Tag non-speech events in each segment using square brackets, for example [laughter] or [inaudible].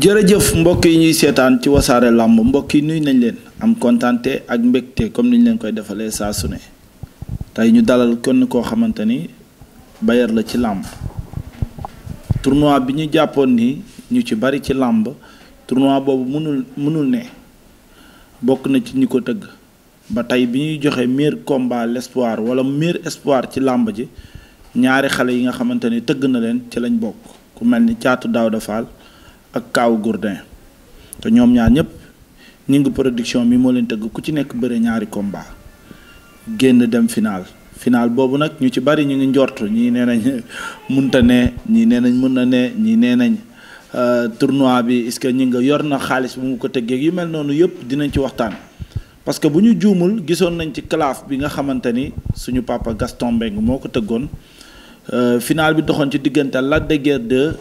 jërëjëf mbokk yi ñuy seetaan ci wasaare làmb mbokk yi nuy nañ leen am kontaante ak mbégte comme ni ñu leen koy defalee saa su ne tey ñu dalal kenn koo xamante ni Bayer la ci làmb tournoi bi ñu jàppoon nii ñu ci bari ci làmb tournoi boobu mënul mënul ne bokk na ci ñu ko tëgg ba tey bi ñuy joxe meilleur combat l'espoir wala meilleur espoir ci làmb ji ñaari xale yi nga xamante ni tëgg na leen ci lañ bokk ku mel ni caatu Daouda Fall ak Kaaw Gourdin te ñoom ñaar ñëpp ñi ngi production bi moo leen tëgg ku ci nekk bëre ñaari komba génn dem final final boobu nag ñu ci bari ñu ngi njort ñii nee nañ [laughs] munta ne ñii nee nañ mën na ne ñii nee nañ euh, tournoi bi est-ce que ñi nga yor na xaalis bu mu ko tëggee yu mel noonu yëpp dinañ ci waxtaan. parce que bu ñu juumul gisoon nañ ci claf bi nga xamante ni suñu papa Gaston Mbengue moo ko tëggoon euh, final bi doxoon ci diggante Lac de Guiers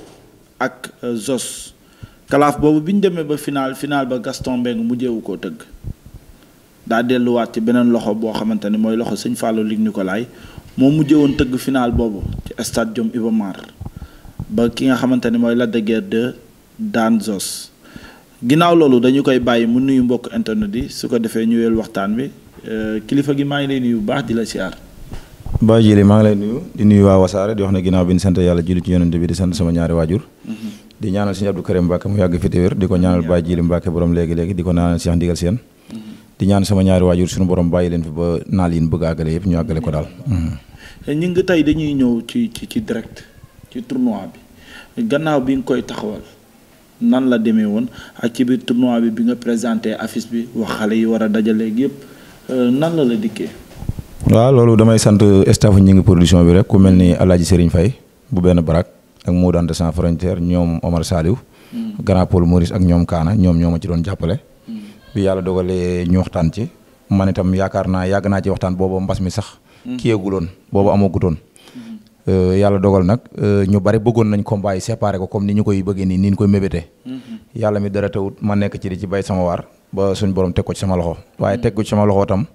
ak euh, Zos. kalaaf boobu bi ñu demee ba finaal final ba Gaston Mbengue mujjeewu koo tëgg daa delluwaat ci beneen loxo boo xamante ni mooy loxo sëñ Fallou Luc Nicolaï moo mujjee woon tëgg finaal boobu ci stade Jom Iba ba ki nga xamante ni mooy Lac de Guiers 2 ginnaaw loolu dañu koy bàyyi mu nuyu mbokk internet yi su ko defee ñëweel waxtaan bi euh, kilifa gi maa ngi lay nuyu bu baax di la siyaar. Baye Jili maa ngi lay nuyu di nuyu waa Wasaare di wax ne ginnaaw bi sant yàlla julli ci yonent bi sama ñaari waajur. Mm-hmm. di ñaanal sëñ Abdou Karim Mbacke mu yàgg fi te wér di ko ñaanal Baye Jili Mbacke borom léegi-léegi di ko ñaanal Cheikh Ndigal Sène di ñaan sama ñaari waajur suñu borom bàyyi leen fi ba naal yi ñu bëgg àggale yëpp ñu àggale mm-hmm. tey dañuy ñëw ci ci ci direct ci tournoi bi gannaaw bi nga koy taxawal nan la demee woon ak ci biir tournoi bi bi nga présenté affiche bi wax xale yi war a dajaleeg yëpp euh, nan la la dikkee. waa loolu damay sant staff ñi ngi production bi rek ku mel ni El Hadj Serigne Faye bu benn barak ak Modou Anta sans frontière ñoom Omar Saliou. Mm. Grand Paul Maurice ak ñoom Kaana ñoom ñoo ma ci doon jàppale. Mm. bi yàlla dogalee ñu waxtaan ci. man itam yaakaar naa yàgg naa ci waxtaan boobu mbas mi sax. Mm. kii yeeguloon boobu amagutoon. Euh, yàlla dogal nag euh, ñu bari bëggoon nañ combat yi séparé ko comme ni ñu koy bëggee nii ni ñu koy mébétee. Mm-hmm. yàlla mi dara tawut ma nekk ci di ci bay sama waar ba suñ borom teg ko ci sama loxo. waaye teg ko ci sama loxo tam.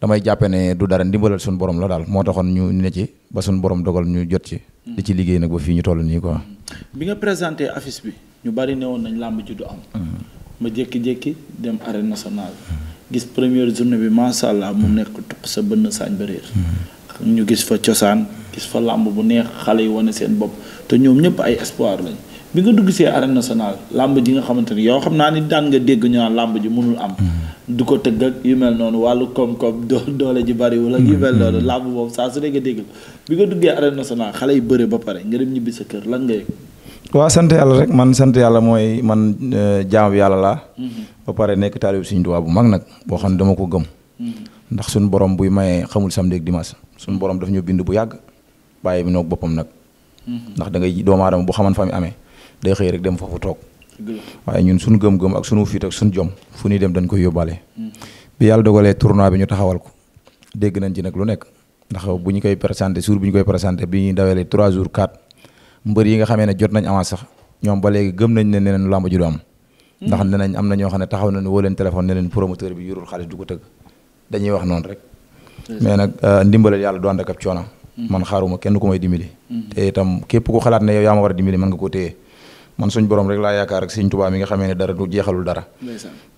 damay jàppe ne du dara ndimbalal suñu borom la daal moo taxoon ñu ne ci ba suñu borom dogal ñu jot ci. di ci liggéey nag ba fii ñu toll nii quoi. bi nga présenté affiche bi ñu bari ne woon nañ làmb ji du am. ma jékki-jékki dem arène nationale. gis première journée bi macha allah mu nekk tuq sa bënn saañ ba ñu gis fa cosaan gis fa làmb bu neex xale yi wane seen bopp te ñoom ñëpp ay espoir lañ. bi nga dugg see arène nationale làmb ji nga xamante ni yow xam naa ni daan nga dégg ñu naan làmb ji mënul am. Mm-hmm. du ko tëgg ak yu mel noonu wàllu koom-koom doo doole ji bariwul ak yu mel mm-hmm. noonu làmb boobu saa su ne dégg bi nga duggee arène nationale xale yi bëre ba pare nga dem ñibbi sa kër lan ngay yëg. waaw sant yàlla rek man sant yàlla mooy man euh, jaam yàlla laa. Mm-hmm. ba pare nekk taalib suñu Tuubaa bu mag nag boo xam ne dama ko gëm. ndax suñu borom buy maye xamul samedi ak dimanche suñu borom daf ñu bind bu yàgg bàyyi bi noog boppam nag. ndax da ngay doomu aadama bu xaman fa mi amee day xëy rek dem foofu toog waaye ñun suñu gëm-gëm ak suñu fit ak suñu jom fu ñuy dem dañ koy yóbbaale hmm. bi yàlla dogalee tournoi bi ñu taxawal ko dégg nañ ci nag lu nekk ndax bu ñu koy présenté jour bu ñu koy présenté bi ñuy dawalee 3 jours 4 mbër yi nga xamee ne jot nañ avance sax ñoom ba léegi gëm nañ ne neneen làmb ju du am hmm. ndax ne nañ am na ñoo xam ne taxaw nañ woo leen téléphone ne leen promoteur bi yorul xaalis du ko tëgg dañuy wax noonu rek mais nag euh, ndimbalal yàlla du ànd ak ab coono hmm. man xaaruma kenn ku may dimbali te itam képp ku xalaat ne yow yaa ma mën nga koo téye man suñ borom rek laa yaakaar ak sëñ Tuubaa mi nga xamee ne dara du jeexalul dara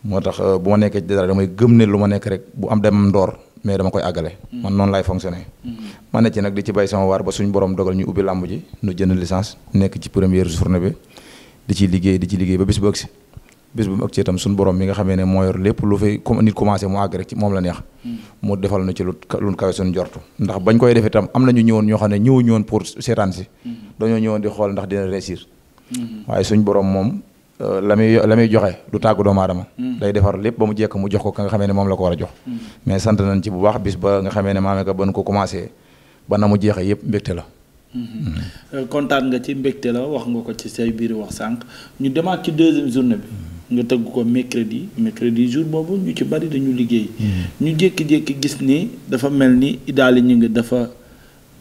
moo tax euh, bu ma nekkee ci dara damay gëm ne lu ma nekk rek bu am dem ndoor mais dama koy àggale mm-hmm. man noonu laay fonctionné mm-hmm. ma ci nag di ci bay waar ba suñ borom dogal ñu ubbi làmb ji nu jënd licence nekk ci première journée bi ci liggéey di ci liggéey ba bis bu ëgsi bis bu mu ëgsee borom mi nga xamee ne moo yor lépp lu fay comme nit commencé mu àgg rek ci moom la neex mm-hmm. na ci lu lu kawe suñ jortu ndax bañ koy def itam am nañu ñëwoon ñoo xam ne ñëwuñu woon pour seetaan si dañoo ñëwoon di xool ndax dina réussir Mm-hmm. waaye suñ borom moom euh, la muy la muy joxe du tàggu doomu aadama mm-hmm. day defar lépp ba mu jekk mu jox ko ka nga xamee ne moom la ko war a jox mm-hmm. mais sant nañ ci bu baax bis ba nga xamee ne maame ka ban ko commencé ba na mu jeexee yëpp mbégte la euh, kontaan nga ci mbégte la wax nga ko ci say biir wax sànq ñu demaat ci deuxième journée bi nga tëgg ko mercredi mercredi jour boobu ñu ci bari dañu liggéey ñu jékki-jékki gis ni dafa mel ni idaali ñu ngi dafa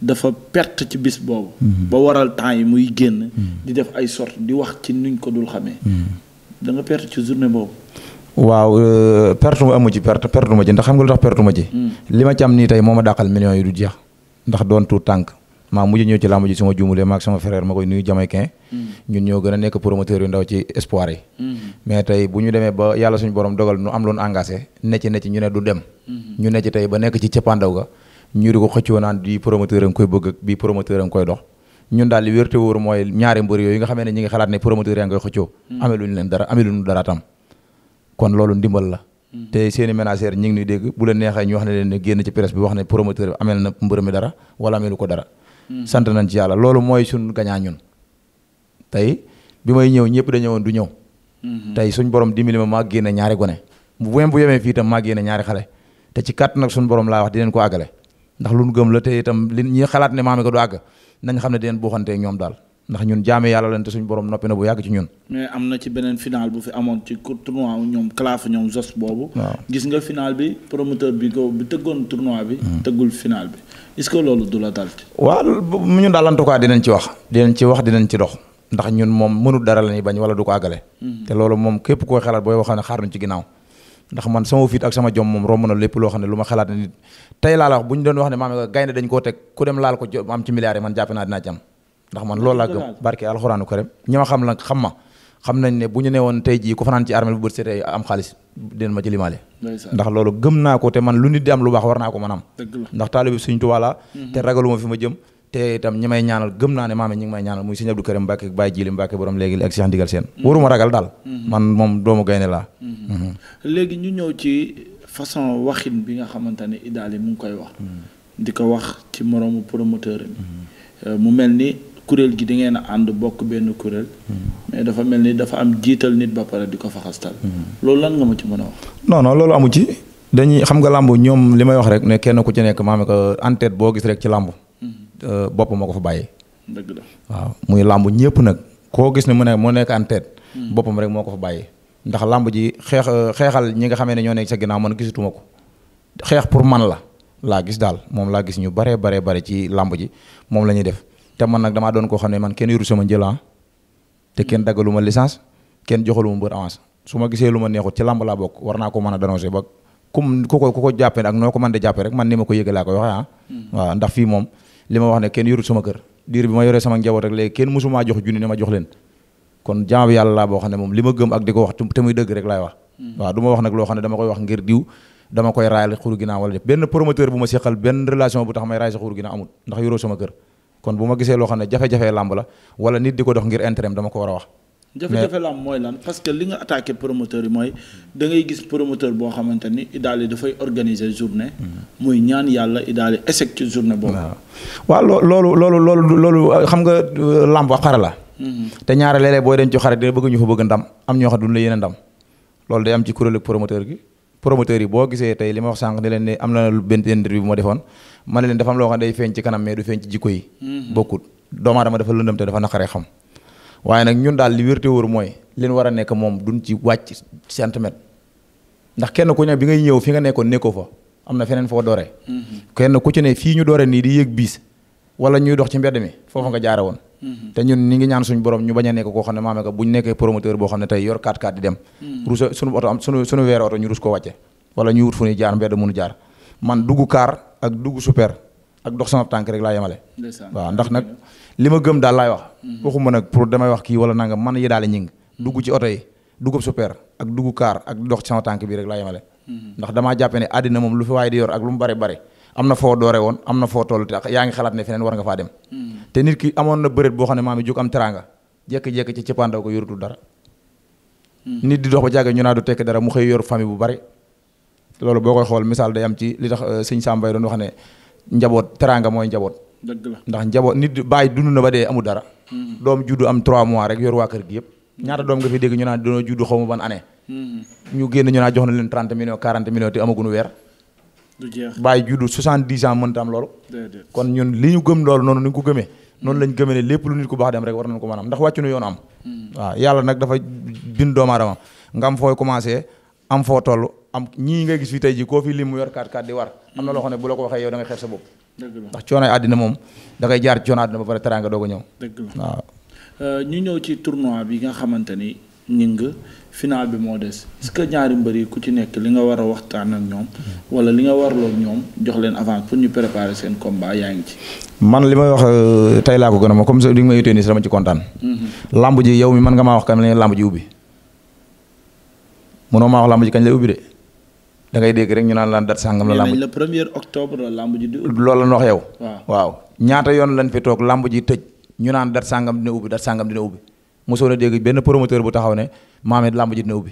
dafa perte ci bis boobu. Mm-hmm. ba waral temps yi muy génn. Mm-hmm. di def ay sort di wax ci nuñ ko dul xamee. Mm-hmm. da nga perte ci journée boobu. waaw euh, perte mu amu ci perte perte ma ci ndax xam nga lu tax perte ma ci. Mm. li ma ci nii tey moo a dàqal millions yi du jeex ndax doon tuut tànk maa mujj ñëw ci làmb ji suma juumulee maag sama frère ma koy nuyu Jamaïcain. Mm. ñun ñoo gën a nekk promoteur yu ndaw ci espoir mm. tey bu ñu demee ba yàlla suñu borom dogal nu am loon engagé ne ci ci ñu du dem. ñu ne ci tey ba nekk ci cappaandaw ga ñu ko xëccoo naan bii promoteur a ngi koy bëgg ak bii promoteur a ngi koy dox ñun daal li wér te mooy ñaari mbër yooyu nga xamee ne ñi ngi xalaat ne promoteur yaa ngi amee xëccoo hmm. ameluñu leen dara ameluñu dara tam kon loolu ndimbal la hmm. te seeni ménagère ñi ngi ñuy dégg bu leen neexee ñu wax na leen ne génn ci presse bi wax ne promoteur amel na mbër mi dara wala amelu ko dara hmm. sant nañ ci yàlla loolu mooy suñ gañaa ñun tey bi may ñëw ñëpp ñëwoon du ñëw tey suñ borom dimbali ma maa génne ñaari gone bu bu yemee fii tam maa génne ñaari xale te ci kàtt nag suñ borom laa wax di leen ko àggale ndax lu nu gëm la te itam li ñuy xalaat ne maame ko du àgg nañ xam ne dinañ buuxanteeg ñoom daal ndax ñun jaame yàlla leen te suñu borom noppi na bu yàgg ci ñun. mais am na ci beneen final bu fi amoon ci tournoi ñoom Kalaafa ñoom Zos boobu. gis nga final bi promoteur bi ko bi tëggoon tournoi bi. Hmm. tëggul final bi est que loolu du la dal. waaw ñun daal en tout cas dinañ ci wax. dinañ ci wax dinañ ci dox ndax ñun moom mënul dara la ñuy bañ wala du ko àggale. Hmm. te loolu moom képp koo xalaat booy waxoon ne xaar nañ ci ginnaaw. ndax man sama fit ak sama jom moom romb na lépp loo xam ne lu ma xalaat nit tey laa la wax bu ñu doon wax ne maam gaynde dañ koo teg ku dem laal ko am ci milliards yi man jàpp naa dinaa ci am ndax man loolu laa gëm barke xam la xam ma xam nañ ne bu ñu newoon tey jii ku fanaan ci armée bu bët seetee am xaalis dinañ ma gëm naa ko te man lu nit di am lu baax war naa ko mën am ndax taalibe Sëriñ Tuubaa laa mhm. te ragaluma fi ma jëm te itam ñi may ñaanal gëm naa ne maam ñi ngi may ñaanal muy sëñ Abdou Karim Mbacke Baye Jili Mbacke borom léegi ak Cheikh Ndigal Sène mm-hmm. waruma ragal daal mm-hmm. man moom doomu gaynde laa mm-hmm. léegi ñu ñëw ci façon waxin bi nga xamante ne Idaly mu ngi koy wax di ko wax ci moroomu promoteur mi euh, mu mel ni kuréel gi da ngeen ànd bokk benn kuréel mais dafa mel ni dafa am jiital nit ba pare di ko faxastal loolu lan nga ma ci mën a wax non loolu amu ci dañuy xam nga làmb ñoom li may wax rek ne kenn ku ci nekk maam ko euh, en boo gis ci làmb Euh, bopp moo ko fa bàyyi. dëgg la waaw muy làmb ñëpp nag koo gis ne mu ne moo nekk en tête. Hmm. boppam rek moo ko fa bàyyi. ndax làmb ji xeex euh, xeexal ñi nga xamee ne ñoo nekk sa ginnaaw man gisatuma ko xeex pour man la laa gis daal moom laa gis ñu baree baree bare ci làmb ji moom la ñuy def te man nag dama doon koo xam ne man kenn yoru sama njëlaan ah. te kenn daggaluma licence kenn joxaluma mbër avance su ma gisee lu ma neexut ci làmb laa bokk war naa ko mën a dénoncer ba comme ku ko ko jàppee ak noo ko mën de jàppee man ni ma ko yëgalee laa koy li ma wax ne kenn yorut sama kër diir bi ma yoree sama njaboot rek léegi kenn mosumaa jox junni ne ma jox leen kon jaam bi yàlla laa boo xam ne moom li ma gëm ak di ko wax te muy dëgg rek laay wax hmm. waaw du ma wax nag loo xam ne dama koy wax ngir diw dama koy raayal xuur ginnaaw wala def benn promoteur bu ma seqal benn relation bu tax may raay sa xuur ndax yoroo sama kër kon bu ma gisee loo xam ne jafe-jafe làmb la wala nit di ko dox ngir intérêt dama ko war a wax jafe-jafe la mooy lan parce que li nga attaqué promoteur yi mooy da ngay gis promoteur boo xamante ni Idaaly dafay organiser journée. Mm-hmm. muy ñaan yàlla daal Idaaly échec ci journée boobu. waaw loolu loolu loolu loolu euh, xam nga euh, làmb xare la. Mm-hmm. te ñaare léeg-léeg booy dem ci xare dina bëgg ñu fa bëgg ndam am ñoo xam duñ la ndam loolu day am ci kuréelu promoteur gi. promoteur yi boo gisee tey li ma wax sànq ne leen ne am na benn interview bu ma defoon ma ne leen dafa loo xam ne day ci kanam mais du feeñ ci jikko yi. Mm-hmm. bokkut doomu aadama dafa lëndëm te dafa naqaree xam. waaye nag ñun daal li wér te mooy li ñu war a nekk moom duñ ci wàcc centimètre ndax kenn ku ne bi ngay ñëw fi nga nekkoon nekkoo fa am na feneen foo doore mm-hmm. kenn ku ci ne fii ñu doore nii di yëg biis wala ñuy dox ci mbedd mi foofa nga jaare woon. Mm-hmm. te ñun ñi ngi ñaan suñu borom ñu bañ a nekk koo xam ne maanaam que ñu nekkee promoteur boo xam ne tey yor 4x4 di dem. Mm-hmm. ruuse oto am suñu suñu weer oto ñu rus koo wàcce. wala ñu wut fu nuy jaar mbedd mënu jaar man dugg car ak dugg super. ak dox sama tànk rek laa yemale. waaw ndax nag li ma gëm daal laay wax. Mm. waxuma nag pour damay wax kii wala nangam man yi daal di ñing dugg ci oto yi dugub super ak dugub kaar ak dox ci sama tànk bii rek laa yemale. Mm. ndax damaa jàppe ne àddina moom lu fi waaye di yor ak lu mu bare bare am na foo doore woon am na foo toll te yaa ngi xalaat ne feneen war nga faa dem. Mm. te nit ki amoon na bëreet boo xam ne maa mi jóg am teraanga jékki-jékki ci cëppaandaw ko yorutul dara. nit di dox ba jàgg ñu naa tekki dara mu xëy yor famille bu bari loolu boo koy xool misaal day am ci li tax euh, sëñ Samba doon wax ne njaboot teraanga mooy njaboot. ndax njaboot nit bàyyi dund na ba dee amul dara. Hmm. doom juddu am 3 mois rek yor waa kër gi yëpp. ñaata doom nga fi dégg ñu naan doonoo juddu xaw ma ban année. Hmm. ñu génn ñu naan jox na leen 30 millions 40 millions te amaguñu weer. du jeex bàyyi juddu 70 ans mënta am loolu. kon ñun li ñu gëm loolu noonu ni ñu ko gëmee. noonu lañ gëmee ne lépp lu nit ku baax dem rek war nañ ko mën am ndax wàccu nu yoon am. Hmm. waaw yàlla nag dafa bind doomu aadama nga am fooy commencé am foo toll am ñii ngay gis fi tey ji koo fi lim mu yor kaat kaat di war am na loo xam ne bu ko waxee yow da ngay sa bopp ndax coonoy àddina moom da jaar coono àddina ba pare teraanga doog a ñëw waaw euh, ñu ñëw ci tournoi bi nga xamante ni ñing final bi moo des est que ñaari mbër yi ku ci nekk li nga war a waxtaan ak ñoom wala li nga warloo ñoom jox leen avance pour ñu préparer seen combat yaa ngi ci. man li may wax euh, tey laa ko gën a ma comme li ma yotee nii si dama ci kontaan. Mm-hmm. lamb ji yow mi man nga maa wax kañ la lamb ji ubbi mënoo maa da ngay rek ñu naan laan dat sàngam la lamb le premier octobre la lamb ji di la wax yow waaw ñaata yoon lañ fi toog lamb ji tëj ñu naan dat sàngam dina ubbi dat sàngam dina ubbi mosoo na dégg benn promoteur bu taxaw ne maamet lamb ji dina ubbi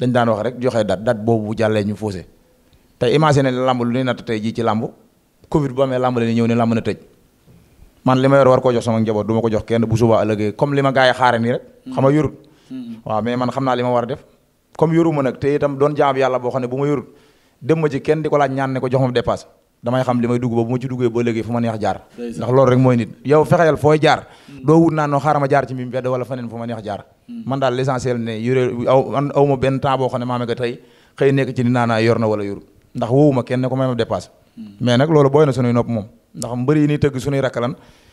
dañ daan wax rek joxe dat dat boobu bu jàllee ñu faussé tey imaginer lamb lu ne natt tey jii ci lamb covid bu amee lamb la ñëw ne lamb na tëj man li ma yor war koo jox sama njaboot du ma ko jox kenn bu subaa ëllëgee comme li ma gars yi xaare nii rek mm. xam nga comme yoruma nag te tam doon jaam yàlla boo xam ne bu ma yorut dem ma ci kenn di ko laaj ñaan ne ko jox ma dépasse damay xam li may dugg ba bu ma ci duggee ba léegi fu ma neex jaar ndax loolu rek mooy nit yow fexeel fooy jaar mm. doo wut naa noo xaaral ma jaar ci mbimu mbedd wala feneen fu ma neex jaar mm. man daal l'essentiel ne yore aw ma benn temps boo xam ne maa ko tey xëy nekk ci ni naanaa yor na wala yorut ndax woowuma kenn ne ko mm. mais nag loolu booy na sunuy nopp moom ndax mbëri yi ni tëgg sunuy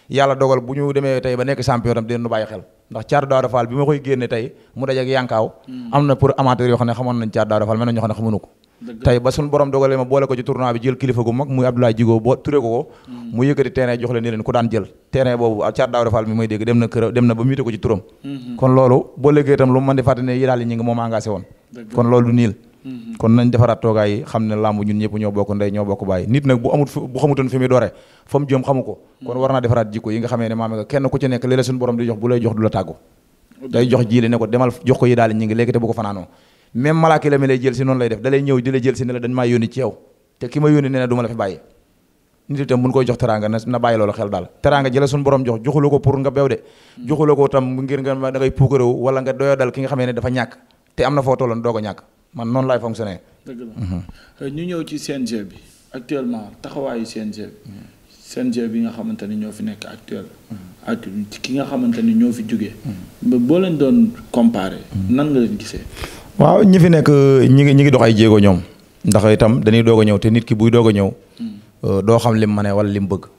yàlla dogal bu ñu demee tey ba nekk champion tam dinañu bàyyi xel ndax Thiatou Daouda Fall bi ma koy génne tey mu dajeeg Yankaaw hmm. am na pour amateur yoo xamoon nañ Thiatou Daouda ba suñu borom dogalee ma boole ko ci tournoi bi jël kilifa gu mag muy Abdoulaye Djigo boo turé ko ko hmm. mu yëkkati terrain jox leen ni ku daan jël terrain boobu Thiatou Daouda Fall mi dégg dem na kër dem na ba muté ko ci turam hmm. kon loolu boo léegi itam lu mu di fàtte yi daal yi Mm-hmm. kon nañ defaraat toogaay yi xam ne làmb ñun ñëpp ñoo bokk ndey ñoo bokk bàyyi nit nag bu amut bu xamutoon fi muy doore fa jëm xamu ko kon war naa defaraat jikko yi nga xamee ne maam kenn ku ci nekk léeg-léeg suñu borom di jox bu lay jox du la tàggu day ko demal jox ko yi daal ngi léegi te bu ko fanaanoo la mi lay jël si noonu lay def da lay ñëw di la jël si ne la dañ maa yónni ci te ki ma yónni nee na la fi bàyyi nit itam bu ñu koy jox teraanga na bàyyi loolu xel daal teraanga jëla suñu borom jox joxula ko pour nga beew de mm. joxula ko tam ngir nga wala nga doyo dal ki nga xamee ne dafa ñàkk te am na foo tolloon doo ko man noonu laay fonctionner. dëgg la euh, ñu ñëw ci CNG bi actuellement taxawaayu CNG bi. CNG bi nga xamante ni ñoo fi nekk actuel. ak ki nga xamante ni ñoo fi jógee. boo leen doon comparer. nan nga leen gisee. waaw ñi fi nekk ñi ngi ñi ngi dox ay jéego ñoom ndax itam dañuy doog a ñëw te nit ki buy doog a ñëw. Euh, doo xam lim mane wala lim bëgg.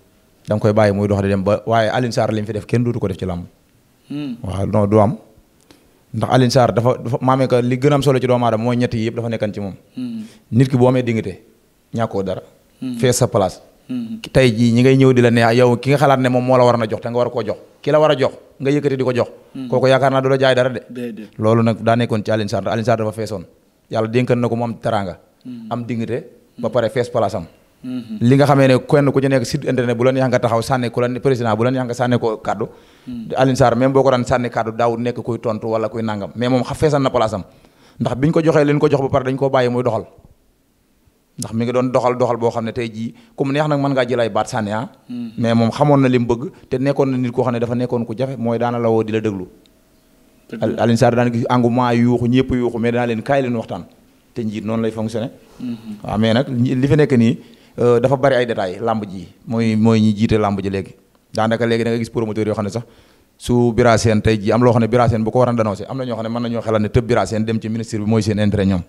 da koy bàyyi muy dox di dem ba waaye alin Sarr li mu fi def kenn dootu ko def ci làmb. Hmm. waaw non du am ndax Alioune Sarr dafa dafa maamee que li gën a am solo ci doomu aadama mooy ñett yi yëpp dafa nekkan ci moom. Hmm. nit ki boo amee dignité ñàkkoo dara. Hmm. fees sa place. Hmm. tey jii ñi ngay ñëw di la neex ah, yow ki nga xalaat ne moom moo la war na jox te nga war koo jox ki la war a jox nga yëkkati di ko jox. kooku yaakaar naa du la jaay dara de. loolu nag daa nekkoon ci Alioune Sarr Alioune Sarr dafa feesoon yàlla dénkan na ko mu am teraanga. am dignité ba pare fees place am. li nga xamee ne kenn bu taxaw sànni ku la président bu ko kàddu Alioune Sarr même boo ko daan sànni kàddu daawul nekk kuy tontu wala kuy nangam mais moom xa feesan na place am ndax biñ ko joxee leen ko jox ba pare dañ koo bàyyi muy doxal ndax mi ngi doon doxal doxal boo xam ne tey jii comme neex nag mën ngaa jël ay baat ah. hmm. mais moom xamoon na li mu bëgg te nekkoon na nit koo xam ne dafa nekkoon ku jafe mooy daana la woo di la déglu Alioune daan gis engouement yuuxu yëpp yuuxu mais danaa leen kaay leen waxtaan te njiit noonu lay fonctionné hmm. waaw mais nag li fi nekk nii euh, dafa bari ay détails làmb ji mooy mooy ñi jiite làmb ji léegi daanaka léegi da nga gis promoteur yoo xam ne sax su Bira Sène tey am loo ne Bira bu ko war a dénoncé am na ñoo xam ne mën nañoo xelal ne tëb Bira Sène dem ci ministre bi mooy seen intérêt ñoom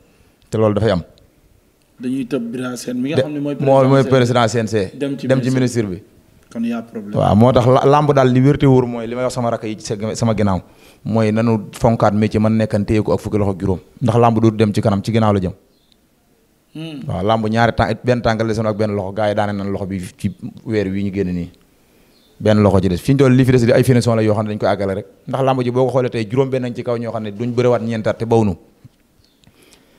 te loolu dafay am. mooy. mooy président CNG dem ci dem ci ministre bi. kon waaw moo tax lamb daal li wérte mooy li may wax sama rakk yi sama ginnaaw mooy nanu fonkaat métier man nekkan téye ko ak fukki loxo juróom ndax lamb du dem ci kanam ci ginnaaw la jëm. Hmm. waaw làmb ñaari tànk benn tànk la benn loxo gars yi daane nan loxo bi weer wi ñu génn nii benn loxo ci de fi ñu toll li fi des di ay finition la yoo xam ne dañ koy àggale rek ndax làmb ji boo ko xoolee tey juróom benn ci kaw ñoo xam ne duñ bëriwaat ñeentaat te bawnu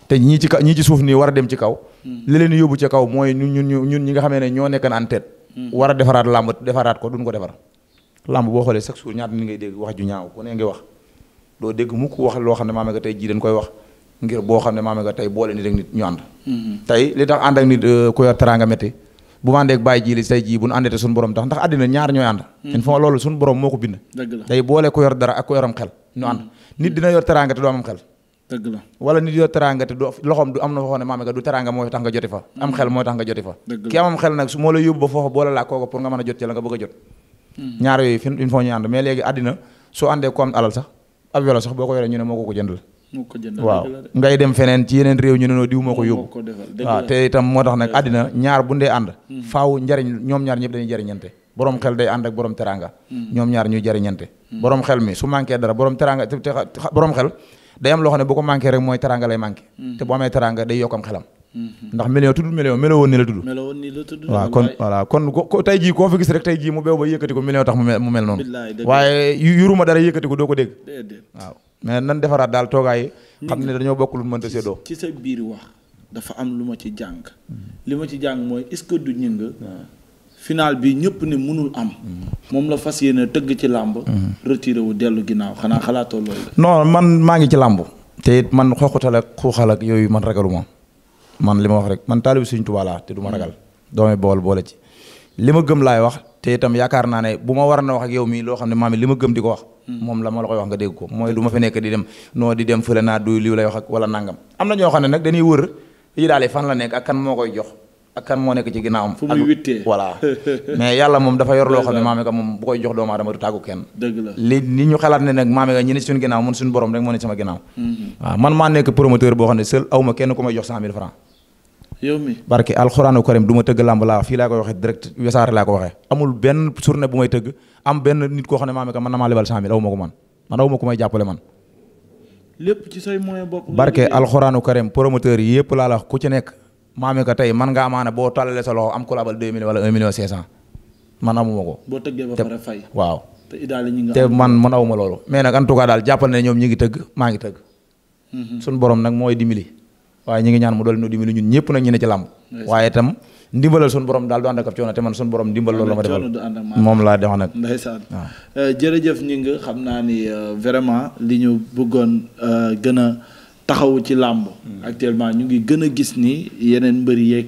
te ñii ci kaw ñii ci suuf nii war a dem ci kaw hmm. li yóbbu ca kaw mooy ñun ñu ñun ñi nga xamee ne ñoo nekkan en tête hmm. war a defaraat làmb defaraat ko duñ ko defar làmb boo xoolee chaque jour ñaata nit ngay dégg wax ju ñaaw ku ne ngi wax doo dégg mukk wax loo xam ne maame nga tey jii dañ koy wax ngir boo xam ne maame nga tey boole nit ak nit ñu hmm. tey li tax ànd ak nit euh, ku bu ma àndeek bàyyi jili tey jii bu nu àndee te suñu borom tax ndax àddina ñaar ñooy ànd mhm. il faut loolu suñu borom moo ko bind day boole ku yor dara ak ku yoram xel ñu ànd mhm. nit dina yor teraanga te du amam xel dëgg wala nit yor teraanga te du loxoom du am na foo ne maame nga du nga joti am mhm. xel mooy tax nga joti fa ki amam xel nag su moo la yóbbu ba foofa boole laa kooku pour nga mën a jot ci la nga bëgg a jot ñaar yooyu fi il faut ñu ànd mais léegi àddina soo àndee ko am alal sax ab welo boo ko yoree ñu ne moo ko ko jëndal waaw ngay dem feneen ci yeneen réew ñu ne noo diw moo ko yóbbu waaw te itam moo tax nag àddina ñaar bu ndee ànd hmm. faaw njariñ ñoom ñaar ñëpp dañuy jariñante borom xel day ànd ak borom teranga hmm. ñoom ñaar ñuy jariñante hmm. borom xel mi su manqué dara borom teranga te borom xel day am loo xam ne bu ko manqué rek mooy teranga lay manqué te bu amee teranga day yokkam xelam ndax million tudd million melo woon ni la tudd melo woon ni la kon voilà jii koo fi gis rek tey jii mu beew ba yëkkati ko million tax mu mel noonu waaye yuruma doo ko dégg waaw mais nan defaraat daal toogaay xam ne dañoo bokk lu mënta séddoo ci sa biir wax dafa am lu ma ci jàng li ma ci jàng mooy est-ce que du ñëng final bi ñëpp ne mënul am moom la fas yéene tëgg ci làmb retiré wu dellu ginnaaw xanaa xalaatoo loolu non man maa ngi ci làmb te it man xooxutal ak xuuxal ak yooyu man ragaluma man li ma wax rek man taalibu Sëriñ Tuubaa laa te duma ragal doomi bool boole ci li ma gëm laay wax te itam yaakaar naa ne bu ma war na wax ak yow mii loo xam ne li ma gëm di ko wax Mm-hmm. moom la ma la koy wax nga dégg ko mooy du ma fi nekk di dem noo di dem fële naa du lii lay wax ak wala nangam am na ñoo xam ne nag dañuy wër yi daale fan la nekk ak kan moo koy jox ak kan moo nekk ci ginnaawam. fu muy wittee voilà [laughs] mais yàlla moom dafa yor loo xam ne maame kenn. dëgg la xalaat ne nag maame ka ñi ne suñu man suñu borom rek moo ne sama ginnaaw. Mm-hmm. waaw man maa nekk promoteur boo xam ne seul aw ma kenn ku may jox cent mille francs yow mi barke alxuraanu karim du tëgg làmb laa fii laa koy waxee direct wesaare laa ko waxee amul benn journée bu may tëgg am benn nit koo xam ne maa mi ka mën na maa lebal cent ma ko man may jàppale man lépp ci say moyen bopp barke alxuraanu karim promoteur yi yëpp laa la ku ci nekk maa mi tey man nga amaana boo tàllalee sa am ku labal deux mille wala un million cinq amuma ko boo tëggee ba pare waaw te idaale ñi nga te man man awuma loolu mais nag en tout cas daal jàppal na ñoom ñi ngi tëgg maa ngi tëgg mhm. suñ borom nag mooy di dimbali waaye ñu ngi ñaan mu dool nu dimbali ñun ñëpp nag ñu ne ci làmb waaye tam ndimbalal suñu borom daal du ànd ak ab coono te man suñu borom ndimbal loolu la ma defal moom laa def nag ndeysaan euh, jërëjëf ñi nga xam naa ni euh, vraiment li ñu bëggoon euh, gën a taxawu ci làmb hmm. actuellement ñu ngi gën a gis ni yeneen mbëri yeeg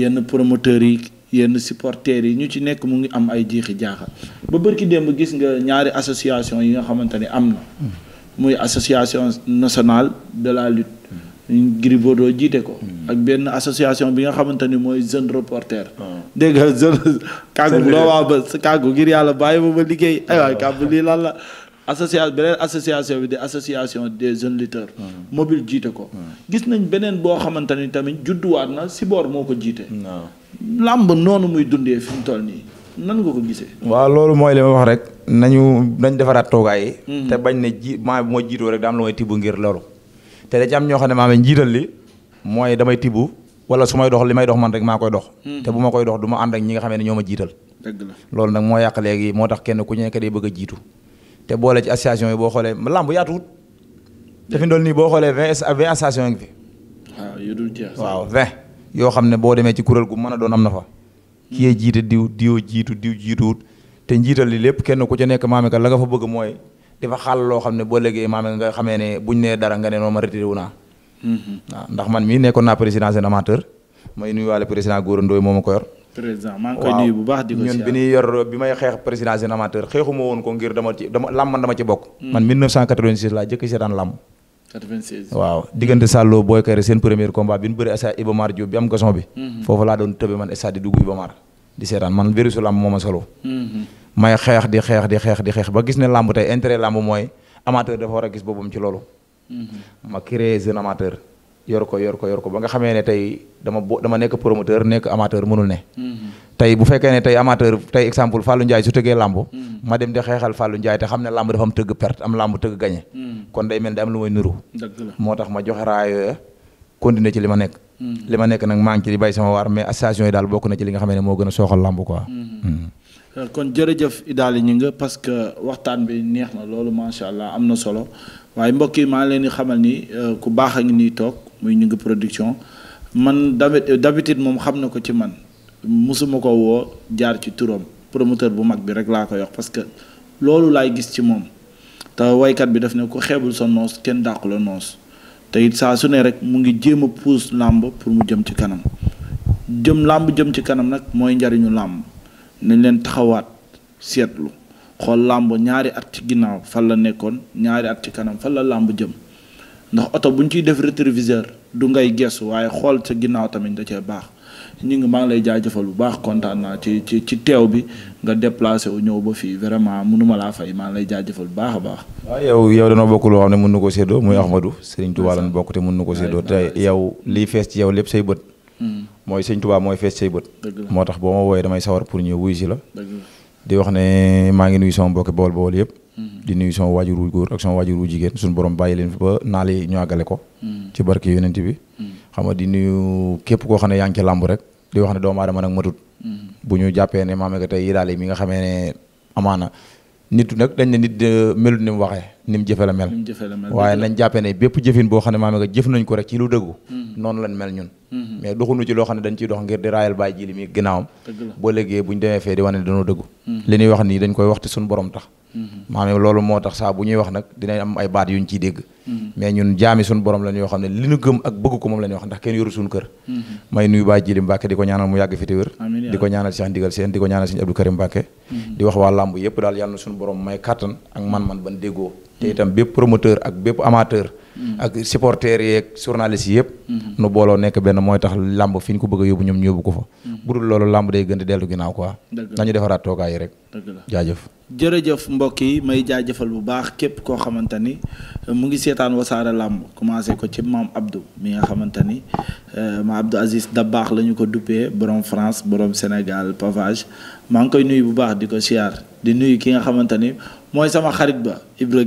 yenn promoteurs yi yenn supporters yi ñu ci nekk mu ngi am ay jiixi jaaxa ba bërki démb gis nga ñaari association yi nga xamante ni am na hmm. muy association nationale de la lutte Gris Bordeaux jiite ko. Hmm. ak benn association bi nga xamante ni mooy jeune reporter. Ah. dégg nga jeune. kàggu loo waa ba kàggu ngir yàlla bàyyi ma ba liggéey ah. ay waay kàggu lii lan la. association beneen association bi de association des jeunes lutteurs. Ah. mobile jiite ko. gis nañ beneen boo xamante ni tamit judduwaat na Sibor moo ko jiite. làmb noonu muy dundee fi mu toll nii nan nga ko gisee. waaw loolu mooy li ma wax rek nañu nañ defaraat toogaay hmm. te bañ ne ji maa moo jiitoo rek daa am lu ngir loolu. te da ci am ñoo xam ne maanaam njiital li mooy damay tibb wala su may dox li may dox man rek maa koy dox. Hmm. te bu ma koy dox du ma ànd ak ñi nga xam ne ñoo ma jiital. dëgg la loolu nag moo yàq léegi moo tax kenn ku nekk day bëgg jiitu te boole ci association yi boo xoolee làmb yaatuwut. te fi nii boo xoolee vingt vingt association yi yoo xam ne boo demee ci kuréel gu mën a doon am na fa. Hmm. kii jiite diw diw jiitu diw jiituwut te njiital li lépp kenn ku ci nekk maam la nga fa bëgg mooy. di fa xaal loo xam ne boo léegi maam nga xamee ne buñ nee dara nga ne noo ma retiré wu naa. Mhm. waaw ndax man mii nekkoon naa président seen amateur may nuyuwaale président Gora Ndoye moo ma ko yor. président bu baax di woon ko ngir dama ci dama làmm man dama ci bokk. Mhm. man 1986 laa jëkk seetaan làmm. 96 waaw diggante Salloo Boy Kayre seen premier combat bi ñu bëri stade Iba Mar Diop bi am gason bi. Mhm. foofu laa doon tëbe man stade di dugg Iba di seetaan man virusu làmm moo ma solo. may xeex di xeex di xeex di xeex ba gis ne làmb tey intérêt làmb mooy amateur dafa war a gis boppam ci loolu. Mm-hmm. ma créé jeune amateur. yor ko yor ko yor ko ba nga xamee ne tey dama bo dama nekk promoteur nekk amateur mënul ne. Mm-hmm. tey bu fekkee ne tey amateur tey exemple Fallou Ndiaye su tëggee lamb. Mm-hmm. ma dem di xeexal Fallou Ndiaye te xam ne lamb dafa am tëgg perte am lamb tëgg gagné. kon day mel ne am lu may nuru. moo tax ma joxe raaya yooya continuer ci li ma nekk. li ma nekk nag maa ngi ci di bay bokk na ci li nga xam ne moo gën a sooxal lamb Euh, kon jërëjëf Idaly Gningue parce que waxtaan bi neex na loolu macha allah am na solo waaye mbokk yi maa ngi leen di xamal ni euh, ku baax a ngi nii toog muy Gningue production man d'habitude euh, moom xam na ko ci man mosuma ko woo jaar ci turam promoteur bu mag bi rek laa ko yox parce que loolu laay gis ci moom te waykat bi daf ne ku xeebul sa noos kenn dàqu noos te it saa su ne rek mu ngi jéem a puus làmb pour mu jëm ci kanam jëm làmb jëm ci kanam nag mooy njariñu làmb nañ leen taxawaat seetlu xool làmb ñaari at ci ginnaaw fan la nekkoon ñaari at ci kanam fan la làmb jëm ndax oto bu ñu ciy def rétroviseur du ngay gesu waaye xool sa ginnaaw tamit da cee baax ñu ngi maa ngi lay jaajëfal bu baax kontaan naa ci ci ci teew bi nga déplacé wu ñëw ba fii vraiment mënuma laa fay maa ngi lay jaajëfal bu baax a baax. waaw yow yow danoo bokk loo xam ne mën na ko séddoo muy Ahmadou ma Touba lañ bokk te mën na ko séddoo te yow liy fees ci yow lépp say bët. mooy sëñ Tuubaa mooy fees say bët moo tax boo ma wooyee damay sawar pour ñëw wuy si la di wax ne maa ngi nuyu sama mbokki bawol bawol yëpp mm-hmm. di nuyu sama waajur wu góor ak sama waajur wu jigéen suñu borom bàyyi leen fi ba naal yi ñu àggale ko mm-hmm. ci barke yonent bi mm-hmm. xam nga di nuyu képp koo xam ne yaa ngi ci làmb rek di wax ne doomu aadama nag matut bu ñu jàppee ne maame nga tey yi daal mi nga xamee ne amaana nit nag dañ ne nit melut ni mu waxee ni mu jëfe la mel waaye nañ jàppe ne bépp jëfin boo xam ne maam nga jëf nañ ko rek ci lu dëggu mm-hmm. noonu lañ mel ñun mm-hmm. mais doxunu ci loo xam ne dañ ciy dox ngir di raayal bàyyi ji mi ginnaawam boo léegi buñ demee fee di wane ne dañoo dëggu mm-hmm. li ñuy wax nii dañ koy waxti suñu borom tax Mm-hmm. maa ne loolu moo tax saa bu ñuy wax nag dinañ am ay baat yuñ ciy dégg mm-hmm. mais ñun jaami suñu borom lañ yoo xam ne li ñu gëm ak bëgg ko moom lañ wax ndax kenn yoru suñu kër mm-hmm. may nuyu Baye Jili Mbacke di ko ñaanal mu yàgg fi te wér di ko ñaanal Cheikh Ndigal Sène di ko ñaanal Serigne Abdou Karim Mbacke di wax waa làmb yëpp daal yàlla na suñu borom may kàttan ak man-man ban déggoo te itam bépp promoteur ak bépp amateur Mm-hmm. ak supporters yeeg journalistes yëpp. Mm-hmm. nu booloo nekk benn mooy tax làmb fi ñu ko bëgg a yóbbu ñoom ñu yóbbu ko fa. Mm-hmm. bu dul loolu làmb day gën di dellu ginnaaw quoi. nañu defaraat toogaay rek. jaajëf. jërëjëf mbokk yi may jaajëfal bu baax képp koo xamante ni euh, mu ngi seetaan wasaare làmb commencé ko ci maam Abdou mi nga xamante ni euh, ma Abdou Aziz Dabaax baax lañu ko duppee borom France borom Sénégal pavage maa ngi koy nuyu bu baax di ko siyaar di nuyu ki nga xamante ni mooy sama xarit ba Ibra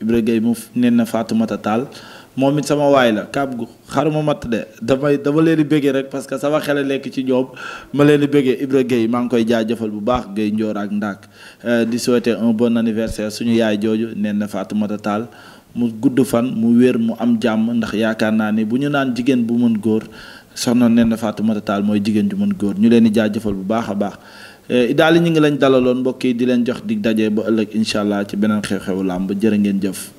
Ibra Gueye mu nen na Fatoumata Tall moom it sama waay la kaab gu xaruma matt de damay dama leen di bëggee rek parce que sama xel lekk ci ñoom ma leen di bëggee Ibra Gueye maa ngi koy jëfal bu baax Gueye Ndior ak Ndak euh, di souhaiter un bon anniversaire suñu yaay jooju nen na Fatoumata Tall mu gudd fan mu wér mu am jàmm ndax yaakaar naa ni bu ñu naan jigéen bu mën góor soxna nen na Fatoumata Tall mooy jigéen ju mën góor ñu leen di jaajëfal bu baax a baax Eh, daal ñu ngi lañ dalaloon mbokk yi di leen jox dig daje ba ëllëg incha allah ci beneen xew-xewu làmb jërë ngeen jëf.